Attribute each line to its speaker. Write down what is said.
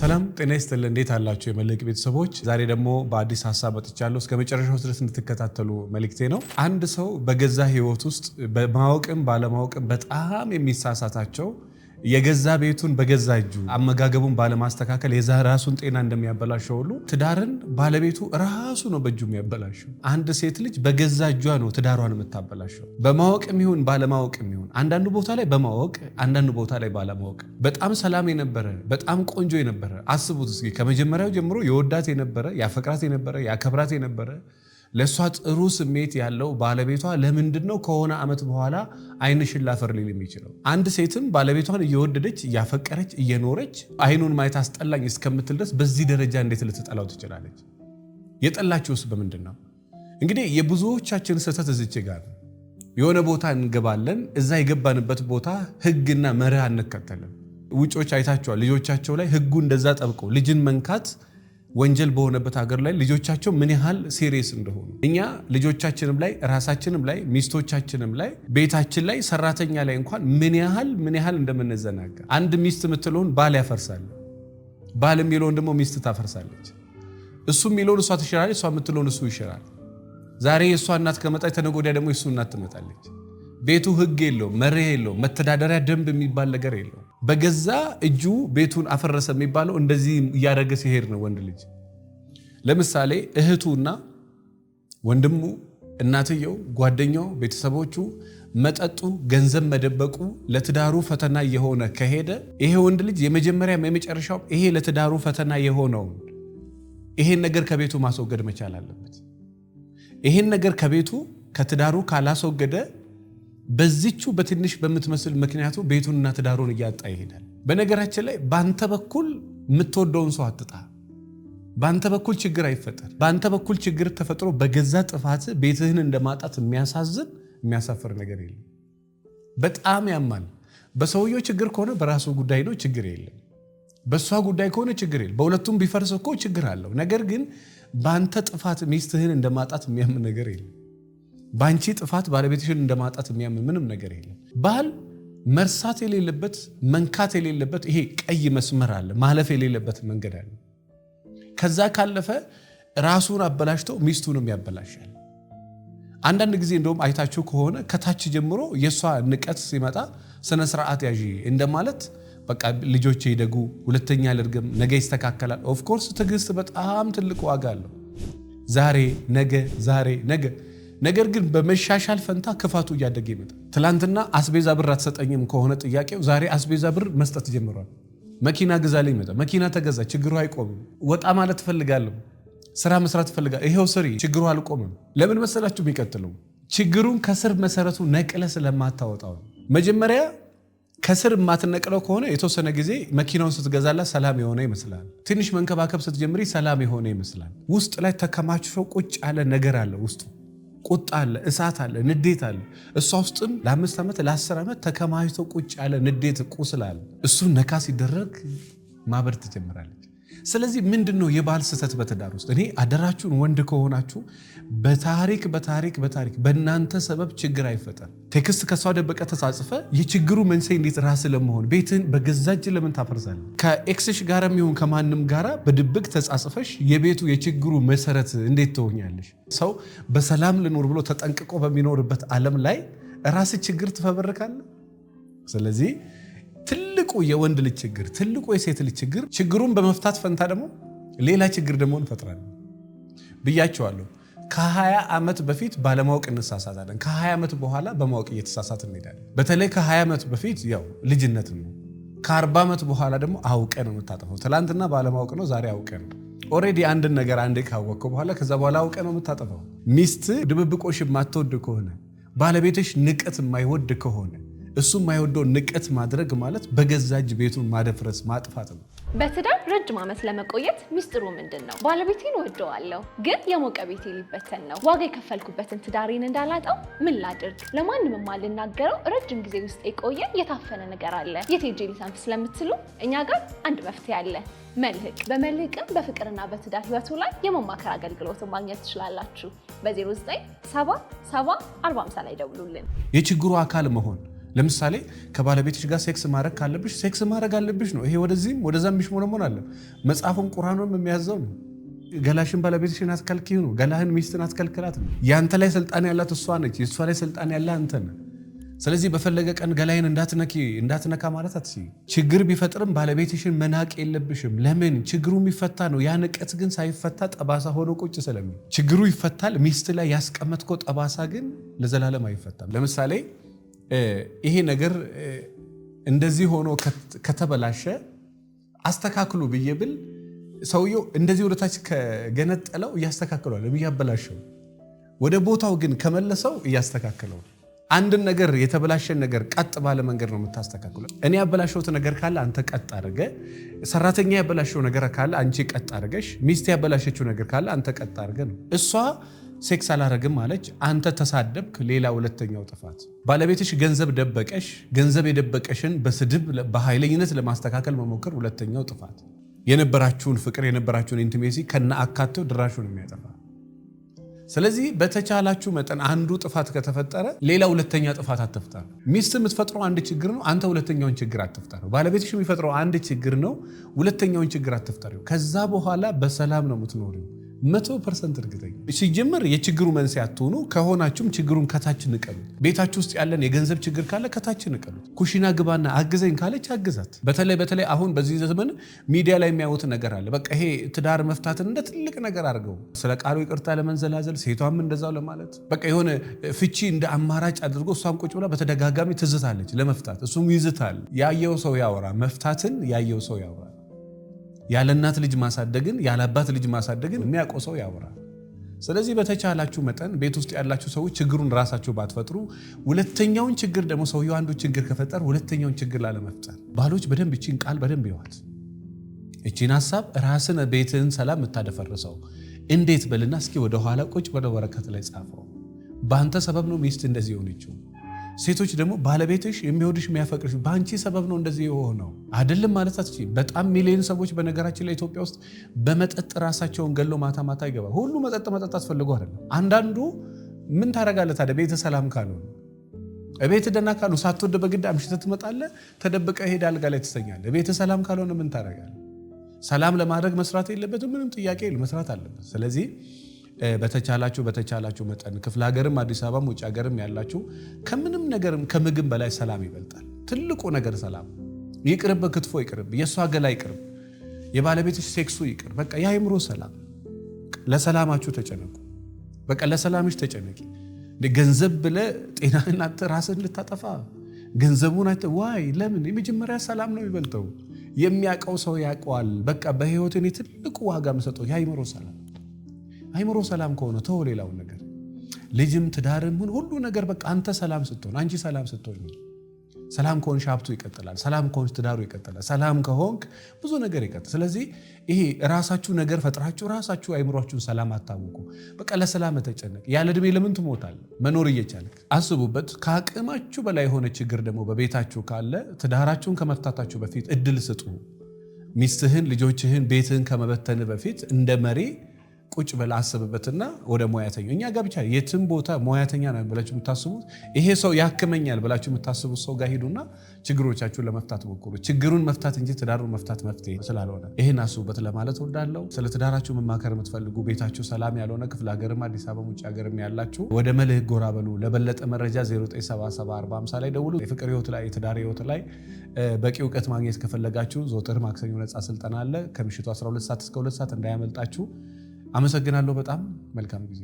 Speaker 1: ሰላም ጤና ይስጥል። እንዴት አላችሁ የመልሕቅ ቤተሰቦች? ዛሬ ደግሞ በአዲስ ሀሳብ መጥቻለሁ። እስከ መጨረሻው ድረስ እንድትከታተሉ መልእክቴ ነው። አንድ ሰው በገዛ ህይወት ውስጥ በማወቅም ባለማወቅም በጣም የሚሳሳታቸው የገዛ ቤቱን በገዛ እጁ አመጋገቡን ባለማስተካከል የዛ ራሱን ጤና እንደሚያበላሸው ሁሉ ትዳርን ባለቤቱ ራሱ ነው በእጁ የሚያበላሸው። አንድ ሴት ልጅ በገዛ እጇ ነው ትዳሯን የምታበላሸው። በማወቅ የሚሆን ባለማወቅ የሚሆን አንዳንዱ ቦታ ላይ በማወቅ አንዳንዱ ቦታ ላይ ባለማወቅ። በጣም ሰላም የነበረ በጣም ቆንጆ የነበረ አስቡት እስኪ ከመጀመሪያው ጀምሮ የወዳት የነበረ ያፈቅራት የነበረ ያከብራት የነበረ ለእሷ ጥሩ ስሜት ያለው ባለቤቷ ለምንድን ነው ከሆነ ዓመት በኋላ ዓይንሽን ላፈር ሊል የሚችለው? አንድ ሴትም ባለቤቷን እየወደደች እያፈቀረች እየኖረች አይኑን ማየት አስጠላኝ እስከምትል ድረስ በዚህ ደረጃ እንዴት ልትጠላው ትችላለች? የጠላችውስ በምንድን ነው? እንግዲህ የብዙዎቻችን ስህተት እዚች ጋር የሆነ ቦታ እንገባለን። እዛ የገባንበት ቦታ ህግና መርህ አንከተልም። ውጮች አይታቸዋል። ልጆቻቸው ላይ ህጉ እንደዛ ጠብቆ ልጅን መንካት ወንጀል በሆነበት ሀገር ላይ ልጆቻቸው ምን ያህል ሴሪየስ እንደሆኑ እኛ ልጆቻችንም ላይ ራሳችንም ላይ ሚስቶቻችንም ላይ ቤታችን ላይ ሰራተኛ ላይ እንኳን ምን ያህል ምን ያህል እንደምንዘናጋ አንድ ሚስት የምትለውን ባል ያፈርሳል፣ ባል የሚለውን ደግሞ ሚስት ታፈርሳለች። እሱ የሚለውን እሷ ትሽራለች፣ እሷ የምትለውን እሱ ይሽራል። ዛሬ የእሷ እናት ከመጣች ተነገ ወዲያ ደግሞ የእሱ እናት ትመጣለች። ቤቱ ህግ የለውም፣ መርህ የለውም፣ መተዳደሪያ ደንብ የሚባል ነገር የለውም። በገዛ እጁ ቤቱን አፈረሰ የሚባለው እንደዚህ እያደረገ ሲሄድ ነው። ወንድ ልጅ ለምሳሌ እህቱና ወንድሙ፣ እናትየው፣ ጓደኛው፣ ቤተሰቦቹ መጠጡ፣ ገንዘብ መደበቁ ለትዳሩ ፈተና የሆነ ከሄደ ይሄ ወንድ ልጅ የመጀመሪያም የመጨረሻው ይሄ ለትዳሩ ፈተና የሆነውን ይሄን ነገር ከቤቱ ማስወገድ መቻል አለበት። ይሄን ነገር ከቤቱ ከትዳሩ ካላስወገደ በዚቹ በትንሽ በምትመስል ምክንያቱ ቤቱንና ትዳሩን እያጣ ይሄዳል። በነገራችን ላይ በአንተ በኩል የምትወደውን ሰው አትጣ። በአንተ በኩል ችግር አይፈጠር። በአንተ በኩል ችግር ተፈጥሮ በገዛ ጥፋት ቤትህን እንደማጣት የሚያሳዝን የሚያሳፍር ነገር የለም። በጣም ያማል። በሰውየው ችግር ከሆነ በራሱ ጉዳይ ነው፣ ችግር የለም። በእሷ ጉዳይ ከሆነ ችግር የለም። በሁለቱም ቢፈርስ እኮ ችግር አለው። ነገር ግን በአንተ ጥፋት ሚስትህን እንደማጣት የሚያምን ነገር የለም። በአንቺ ጥፋት ባለቤትሽን እንደማጣት የሚያምን ምንም ነገር የለም። ባል መርሳት የሌለበት መንካት የሌለበት ይሄ ቀይ መስመር አለ፣ ማለፍ የሌለበት መንገድ አለ። ከዛ ካለፈ ራሱን አበላሽቶ ሚስቱንም ያበላሻል። አንዳንድ ጊዜ እንደውም አይታችሁ ከሆነ ከታች ጀምሮ የእሷ ንቀት ሲመጣ ስነ ስርዓት ያዥ እንደማለት በቃ ልጆች ይደጉ፣ ሁለተኛ ልርግም፣ ነገ ይስተካከላል። ኦፍኮርስ ትዕግስት በጣም ትልቅ ዋጋ አለው። ዛሬ ነገ፣ ዛሬ ነገ ነገር ግን በመሻሻል ፈንታ ክፋቱ እያደገ ይመጣል። ትላንትና አስቤዛ ብር አትሰጠኝም ከሆነ ጥያቄው ዛሬ አስቤዛ ብር መስጠት ጀምሯል። መኪና ግዛ ላይ ይመጣል። መኪና ተገዛ፣ ችግሩ አይቆምም። ወጣ ማለት ትፈልጋለሁ፣ ስራ መስራት ትፈልጋለሁ። ይሄው ስሪ፣ ችግሩ አልቆምም። ለምን መሰላችሁ? የሚቀጥለው ችግሩን ከስር መሰረቱ ነቅለ ስለማታወጣው መጀመሪያ ከስር የማትነቅለው ከሆነ የተወሰነ ጊዜ መኪናውን ስትገዛላት ሰላም የሆነ ይመስላል። ትንሽ መንከባከብ ስትጀምሪ ሰላም የሆነ ይመስላል። ውስጥ ላይ ተከማችቶ ቁጭ ያለ ነገር አለ ውስጡ ቁጣ አለ፣ እሳት አለ፣ ንዴት አለ። እሷ ውስጥም ለአምስት ዓመት ለአስር ዓመት ተከማችቶ ቁጭ ያለ ንዴት ቁስል አለ። እሱን ነካ ሲደረግ ማበድ ትጀምራለች። ስለዚህ ምንድን ነው የባል ስህተት በትዳር ውስጥ? እኔ አደራችሁን ወንድ ከሆናችሁ በታሪክ በታሪክ በታሪክ በእናንተ ሰበብ ችግር አይፈጠር። ቴክስት ከእሷ ደበቀ ተጻጽፈ የችግሩ መንስኤ እንዴት ራስ ለመሆን ቤትን በገዛ እጅህ ለምን ታፈርሳለህ? ከኤክስሽ ጋር የሚሆን ከማንም ጋራ በድብቅ ተጻጽፈሽ የቤቱ የችግሩ መሰረት እንዴት ትሆኛለሽ? ሰው በሰላም ልኖር ብሎ ተጠንቅቆ በሚኖርበት ዓለም ላይ ራስ ችግር ትፈበርካለ። ስለዚህ ትልቁ የወንድ ልጅ ችግር፣ ትልቁ የሴት ልጅ ችግር፣ ችግሩን በመፍታት ፈንታ ደግሞ ሌላ ችግር ደግሞ እንፈጥራለን ብያቸዋለሁ። ከ20 ዓመት በፊት ባለማወቅ እንሳሳታለን። ከ20 ዓመት በኋላ በማወቅ እየተሳሳት እንሄዳለን። በተለይ ከ20 ዓመት በፊት ያው ልጅነት ነው። ከ40 ዓመት በኋላ ደግሞ አውቀ ነው የምታጠፈው። ትላንትና ባለማወቅ ነው፣ ዛሬ አውቀ ነው። ኦሬዲ አንድን ነገር አንዴ ካወቅከው በኋላ ከዛ በኋላ አውቀ ነው የምታጠፈው። ሚስት ድብብቆሽ የማትወድ ከሆነ ባለቤቶች ንቀት የማይወድ ከሆነ እሱ የማይወደው ንቀት ማድረግ ማለት በገዛ እጅ ቤቱን ማደፍረስ ማጥፋት ነው።
Speaker 2: በትዳር ረጅም ዓመት ለመቆየት ሚስጥሩ ምንድን ነው? ባለቤቴን ወደዋለሁ፣ ግን የሞቀ ቤቴ ሊበተን ነው። ዋጋ የከፈልኩበትን ትዳሬን እንዳላጣው ምን ላድርግ? ለማንም የማልናገረው ረጅም ጊዜ ውስጥ የቆየ የታፈነ ነገር አለ። የት ሄጄ ስለምትሉ እኛ ጋር አንድ መፍትሄ አለ። መልህቅ። በመልህቅም በፍቅርና በትዳር ህይወቱ ላይ የመማከር አገልግሎትን ማግኘት ትችላላችሁ። በ0977 45 ላይ ደውሉልን።
Speaker 1: የችግሩ አካል መሆን ለምሳሌ ከባለቤትሽ ጋር ሴክስ ማድረግ ካለብሽ ሴክስ ማድረግ አለብሽ ነው። ይሄ ወደዚህም ወደዛ የሚሽሞነሞን አለ። መጽሐፉን ቁርአኑን የሚያዘው ነው። ገላሽን ባለቤትሽን አትከልክዩ ነው። ገላህን ሚስትን አትከልክላት ነው። ያንተ ላይ ስልጣን ያላት እሷ ነች። የእሷ ላይ ስልጣን ያለ አንተ ነህ። ስለዚህ በፈለገ ቀን ገላይን እንዳትነኪ እንዳትነካ ማለት አትስ ችግር ቢፈጥርም ባለቤትሽን መናቅ የለብሽም። ለምን ችግሩ የሚፈታ ነው። ያ ንቀት ግን ሳይፈታ ጠባሳ ሆኖ ቁጭ ስለሚ ችግሩ ይፈታል። ሚስት ላይ ያስቀመጥከው ጠባሳ ግን ለዘላለም አይፈታም። ለምሳሌ ይሄ ነገር እንደዚህ ሆኖ ከተበላሸ አስተካክሉ ብዬ ብል ሰውየው እንደዚህ ወደታች ከገነጠለው እያስተካክለዋል፣ እያበላሸው ወደ ቦታው ግን ከመለሰው እያስተካክለው። አንድን ነገር የተበላሸን ነገር ቀጥ ባለ መንገድ ነው የምታስተካክለው። እኔ ያበላሸሁት ነገር ካለ አንተ ቀጥ አድርገ፣ ሰራተኛ ያበላሸው ነገር ካለ አንቺ ቀጥ አድርገሽ፣ ሚስት ያበላሸችው ነገር ካለ አንተ ቀጥ አድርገ ነው እሷ ሴክስ አላረግም አለች። አንተ ተሳደብክ። ሌላ ሁለተኛው ጥፋት ባለቤትሽ ገንዘብ ደበቀሽ። ገንዘብ የደበቀሽን በስድብ በኃይለኝነት ለማስተካከል መሞከር ሁለተኛው ጥፋት። የነበራችሁን ፍቅር የነበራችሁን ኢንቲሜሲ ከነ አካቴው ድራሹን የሚያጠፋ ስለዚህ በተቻላችሁ መጠን አንዱ ጥፋት ከተፈጠረ ሌላ ሁለተኛ ጥፋት አትፍጠር። ሚስት የምትፈጥረው አንድ ችግር ነው፣ አንተ ሁለተኛውን ችግር አትፍጠር። ባለቤትሽ የሚፈጥረው አንድ ችግር ነው፣ ሁለተኛውን ችግር አትፍጠር። ከዛ በኋላ በሰላም ነው የምትኖሪው። መቶ ፐርሰንት እርግጠኛ ሲጀመር የችግሩ መንስኤ አትሆኑ። ከሆናችሁም ችግሩን ከታች ንቀሉት። ቤታችሁ ውስጥ ያለን የገንዘብ ችግር ካለ ከታች ንቀሉት። ኩሽና ግባና አግዘኝ ካለች አግዛት። በተለይ በተለይ አሁን በዚህ ዘመን ሚዲያ ላይ የሚያዩት ነገር አለ። በቃ ይሄ ትዳር መፍታትን እንደ ትልቅ ነገር አድርገው ስለ ቃሉ ይቅርታ ለመንዘላዘል ሴቷም እንደዛው ለማለት በቃ የሆነ ፍቺ እንደ አማራጭ አድርጎ እሷም ቁጭ ብላ በተደጋጋሚ ትዝታለች ለመፍታት፣ እሱም ይዝታል። ያየው ሰው ያወራ መፍታትን ያየው ሰው ያወራ ያለ እናት ልጅ ማሳደግን ያለ አባት ልጅ ማሳደግን የሚያውቀው ሰው ያወራል። ስለዚህ በተቻላችሁ መጠን ቤት ውስጥ ያላችሁ ሰዎች ችግሩን ራሳችሁ ባትፈጥሩ፣ ሁለተኛውን ችግር ደግሞ ሰውየው አንዱ ችግር ከፈጠር ሁለተኛውን ችግር ላለመፍጠር ባሎች በደንብ ይቺን ቃል በደንብ ይዋት። ይቺን ሀሳብ ራስን ቤትህን ሰላም የምታደፈርሰው እንዴት በልና እስኪ ወደኋላ ቁጭ ወደ ወረቀት ላይ ጻፈው። በአንተ ሰበብ ነው ሚስት እንደዚህ የሆነችው። ሴቶች ደግሞ ባለቤትሽ የሚወድሽ የሚያፈቅርሽ በአንቺ ሰበብ ነው እንደዚህ የሆነው አይደለም ማለት አትችይ። በጣም ሚሊዮን ሰዎች በነገራችን ላይ ኢትዮጵያ ውስጥ በመጠጥ ራሳቸውን ገሎ ማታ ማታ ይገባል። ሁሉ መጠጥ መጠጥ አስፈልጎ አይደለም። አንዳንዱ ምን ታደርጋለህ ታዲያ ቤተ ሰላም ካልሆነ ቤት ደና ካሉ ሳትወድ በግድ አምሽተህ ትመጣለ፣ ተደብቀህ ሄደህ አልጋ ላይ ትሰኛለ። ቤተ ሰላም ካልሆነ ምን ታደርጋለህ? ሰላም ለማድረግ መስራት የለበትም ምንም ጥያቄ መስራት አለበት። ስለዚህ በተቻላችሁ በተቻላችሁ መጠን ክፍለ ሀገርም አዲስ አበባም ውጭ ሀገርም ያላችሁ ከምንም ነገርም ከምግብ በላይ ሰላም ይበልጣል። ትልቁ ነገር ሰላም ይቅርብ፣ ክትፎ ይቅርብ፣ የእሷ ገላ ይቅርብ፣ የባለቤትሽ ሴክሱ ይቅር። በቃ የአይምሮ ሰላም። ለሰላማችሁ ተጨነቁ። በቃ ለሰላምሽ ተጨነቂ። ገንዘብ ብለ ጤናህን አጥተህ ራስህን ልታጠፋ ገንዘቡን አይተ ዋይ ለምን? የመጀመሪያ ሰላም ነው የሚበልጠው። የሚያውቀው ሰው ያውቀዋል። በቃ በህይወት እኔ ትልቁ ዋጋ የምሰጠው የአይምሮ ሰላም አይምሮ ሰላም ከሆነ ተው ሌላውን ነገር ልጅም ትዳርም ሁን ሁሉ ነገር በቃ አንተ ሰላም ስትሆን አንቺ ሰላም ስትሆን ሰላም ከሆንሽ ሀብቱ ይቀጥላል። ሰላም ከሆንሽ ትዳሩ ይቀጥላል። ሰላም ከሆንክ ብዙ ነገር ይቀጥል። ስለዚህ ይሄ ራሳችሁ ነገር ፈጥራችሁ ራሳችሁ አይምሯችሁን ሰላም አታውቁ። በቃ ለሰላም ተጨነቅ። ያለ እድሜ ለምን ትሞታል? መኖር እየቻልክ አስቡበት። ከአቅማችሁ በላይ የሆነ ችግር ደግሞ በቤታችሁ ካለ ትዳራችሁን ከመፍታታችሁ በፊት እድል ስጡ። ሚስትህን፣ ልጆችህን፣ ቤትህን ከመበተን በፊት እንደ መሪ ቁጭ በል አስብበትና ወደ ሙያተኛ እኛ ጋር ብቻ የትም ቦታ ሙያተኛ ነው ብላችሁ የምታስቡት ይሄ ሰው ያክመኛል ብላችሁ የምታስቡት ሰው ጋር ሂዱና ችግሮቻችሁን ለመፍታት ሞክሩ። ችግሩን መፍታት እንጂ ትዳሩን መፍታት መፍትሄ ስላልሆነ ይህን አስቡበት ለማለት ወዳለው። ስለ ትዳራችሁ መማከር የምትፈልጉ ቤታችሁ ሰላም ያልሆነ ክፍለ ሀገርም አዲስ አበባ ውጭ ሀገርም ያላችሁ ወደ መልህ ጎራ በሉ። ለበለጠ መረጃ 09774050 ላይ ደውሉ። የፍቅር ህይወት ላይ የትዳር ህይወት ላይ በቂ እውቀት ማግኘት ከፈለጋችሁ ዘወትር ማክሰኞ ነፃ ስልጠና አለ ከምሽቱ 12 ሰዓት እስከ 2 ሰዓት እንዳያመልጣችሁ። አመሰግናለሁ። በጣም መልካም ጊዜ